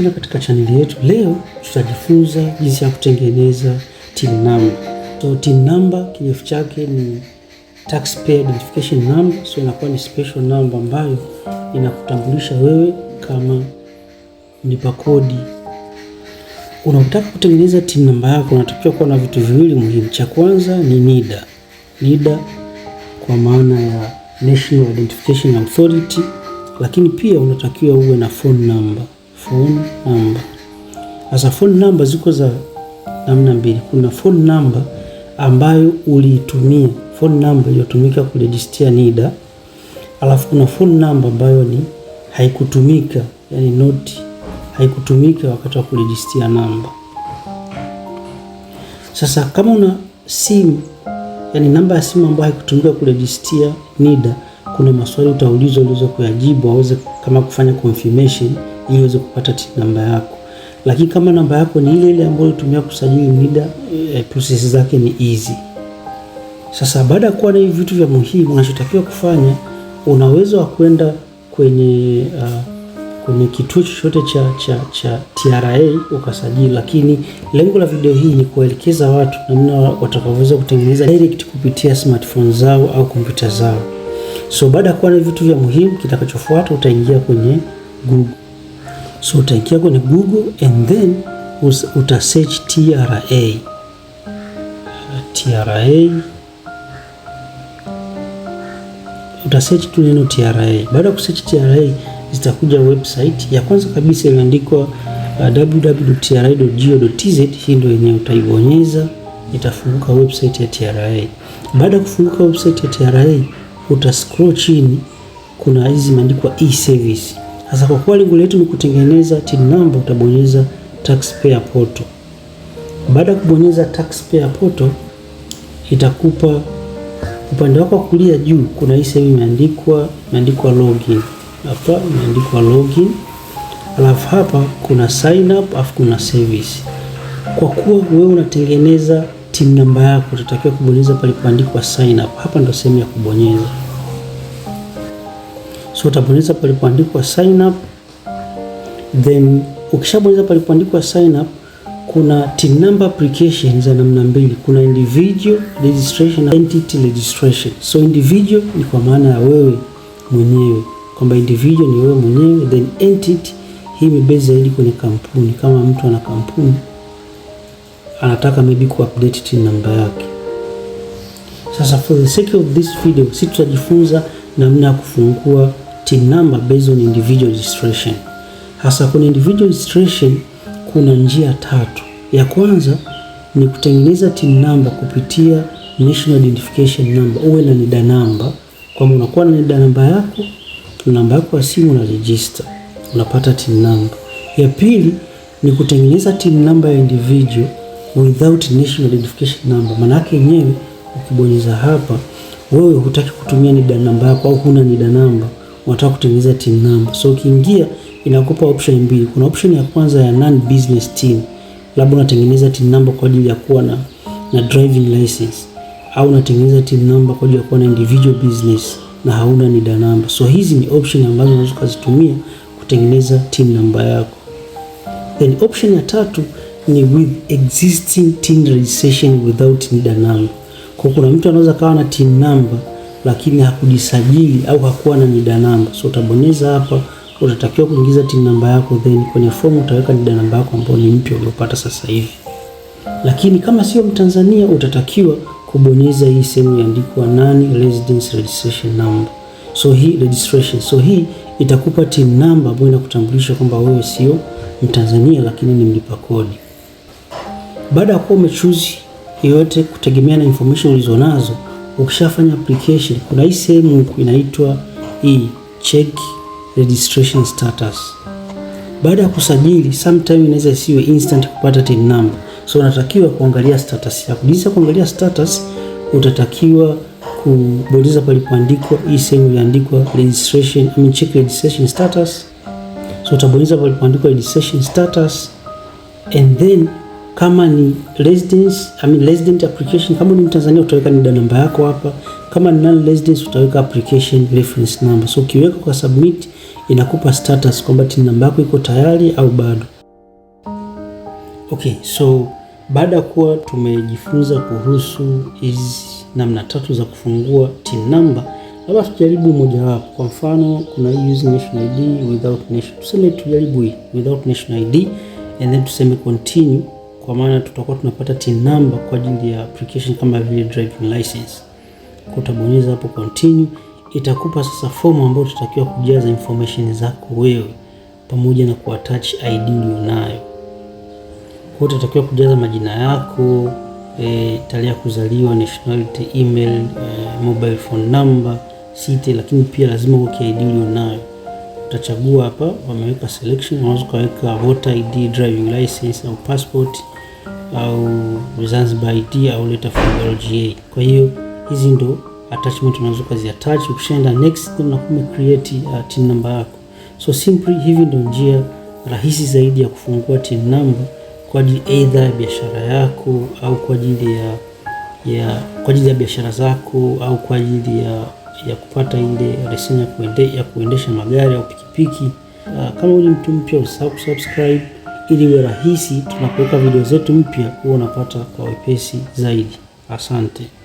tena katika chaneli yetu. Leo tutajifunza jinsi ya kutengeneza TIN number. So TIN number kirefu chake ni taxpayer identification number, so inakuwa ni special number ambayo inakutambulisha wewe kama mlipa kodi. Unataka kutengeneza TIN number yako, unatakiwa kuwa na vitu viwili muhimu. Cha kwanza ni NIDA. NIDA kwa maana ya National Identification Authority, lakini pia unatakiwa uwe na phone number phone number. Sasa phone number ziko za namna mbili. Kuna phone number ambayo uliitumia, phone number iliyotumika kurejistia NIDA, alafu kuna phone number ambayo ni haikutumika, yani not haikutumika wakati wa kurejistia namba. Sasa kama una simu yani namba ya simu ambayo haikutumika kurejistia NIDA, kuna maswali utaulizwa ulizo kuyajibu aweze kama kufanya confirmation ili uweze kupata namba yako. Lakini kama namba yako ni ile ile ambayo ulitumia kusajili NIDA, e, eh, process zake ni easy. Sasa baada ya kuwa na hivi vitu vya muhimu, unachotakiwa kufanya una uwezo wa kwenda kwenye uh, kwenye kituo chochote cha, cha, cha TRA ukasajili, lakini lengo la video hii ni kuwaelekeza watu namna watakavyoweza kutengeneza direct kupitia smartphone zao au kompyuta zao. So baada ya kuwa na vitu vya muhimu, kitakachofuata utaingia kwenye Google. So utaingia kwenye Google and then uta search TRA, TRA uta search tu neno TRA. Baada ya kusearch TRA, zitakuja website ya kwanza kabisa iliandikwa uh, www.tra.go.tz. Hii ndio yenyewe utaibonyeza, itafunguka website ya TRA. Baada ya kufunguka website ya TRA, uta scroll chini, kuna hizi zimeandikwa e-service sasa kwa kuwa lengo letu ni kutengeneza TIN number, utabonyeza taxpayer portal. Baada ya kubonyeza taxpayer portal, itakupa upande wako wa kulia juu, kuna hii sehemu imeandikwa imeandikwa login hapa, imeandikwa login, alafu hapa kuna sign up, alafu kuna service. Kwa kuwa wewe unatengeneza TIN namba yako, utatakiwa kubonyeza palipoandikwa sign up. Hapa ndo sehemu ya kubonyeza So utabonyeza palipoandikwa sign up, then ukishabonyeza palipoandikwa sign up kuna TIN number application za namna mbili. Kuna individual registration na entity registration. So individual ni kwa maana ya wewe mwenyewe, kwamba individual ni wewe mwenyewe, then entity hii imebase zaidi kwenye kampuni. Kama mtu ana kampuni anataka maybe update TIN number yake. Sasa for the sake of this video, sisi tutajifunza namna ya kufungua team number based on individual registration. Hasa kwenye individual registration kuna njia tatu. Ya kwanza ni kutengeneza team number kupitia national identification number, uwe na NIDA namba, kwamba unakuwa na NIDA namba yako na namba yako ya simu na register, unapata team number. Ya pili ni kutengeneza team number ya individual without national identification number. Maana yake yenyewe ukibonyeza hapa, wewe hutaki kutumia NIDA namba yako au huna NIDA namba unataka kutengeneza team number. So ukiingia inakupa option mbili. Kuna option ya kwanza ya non business team, labda unatengeneza team number kwa ajili ya kuwa na, na driving license au unatengeneza team number kwa ajili ya kuwa na individual business na hauna NIDA namba. So hizi ni option ambazo unaweza kuzitumia kutengeneza team namba yako. Then option ya tatu ni with existing team registration without NIDA namba. Kwa kuna mtu anaweza kawa na team number lakini hakujisajili au hakuwa na NIDA namba. So utabonyeza hapa, utatakiwa kuingiza TIN namba yako, then kwenye fomu utaweka NIDA namba yako ambayo ni mpya uliopata sasa hivi. Lakini kama sio Mtanzania, utatakiwa kubonyeza hii sehemu iandikwa nani residence registration number. So hii registration, so hii itakupa TIN namba ambayo inakutambulisha kwamba wewe sio Mtanzania lakini ni mlipa kodi. Baada ya kuwa umechuzi yoyote kutegemea na information ulizonazo Ukishafanya application, kuna hii sehemu huku inaitwa hii check registration status. Baada ya kusajili, sometime inaweza isiwe instant kupata TIN number, so unatakiwa kuangalia status yako. Jinsi kuangalia status, utatakiwa kubonyeza palipoandikwa hii sehemu iliandikwa registration, I mean check registration status. So utabonyeza palipoandikwa registration status and then kama ni residence, I mean resident application. Kama ni Mtanzania utaweka NIDA namba yako hapa. Kama ni non residence utaweka application reference number. So ukiweka kwa submit inakupa status kwamba TIN namba yako iko tayari au bado. Okay, so baada ya kuwa tumejifunza kuhusu hizi namna tatu za kufungua TIN namba, labda tujaribu mojawapo. Kwa mfano, kuna hii using national ID, without national. Tuseme tujaribu hii without national ID and then tuseme continue kwa maana tutakuwa tunapata tin number kwa ajili ya application kama vile driving license. Kutabonyeza hapo continue, itakupa sasa fomu ambayo tutakiwa kujaza information zako wewe pamoja na kuattach ID ulionayo. Kwa hiyo utatakiwa kujaza majina yako, e, tarehe ya kuzaliwa, nationality, email, e, mobile phone number, city, lakini pia lazima uweke ID ulionayo. Utachagua hapa, wameweka selection, unaweza kuweka voter ID, driving license au passport au Zanzibar id au leta fungu LGA. Kwa hiyo hizi ndo attachment unaweza kuzi attach, ukishaenda next na kuma create uh, TIN number yako. So simply hivi ndo njia rahisi zaidi ya kufungua TIN number kwa ajili either ya biashara yako au kwa ajili ya ya kwa ajili ya biashara zako au kwa ajili ya ya kupata ile leseni ya kuende, ya kuendesha magari au pikipiki. Uh, kama uli mtu mpya usahau kusubscribe ili iwe rahisi tunapoweka video zetu mpya, huwa unapata kwa wepesi zaidi. Asante.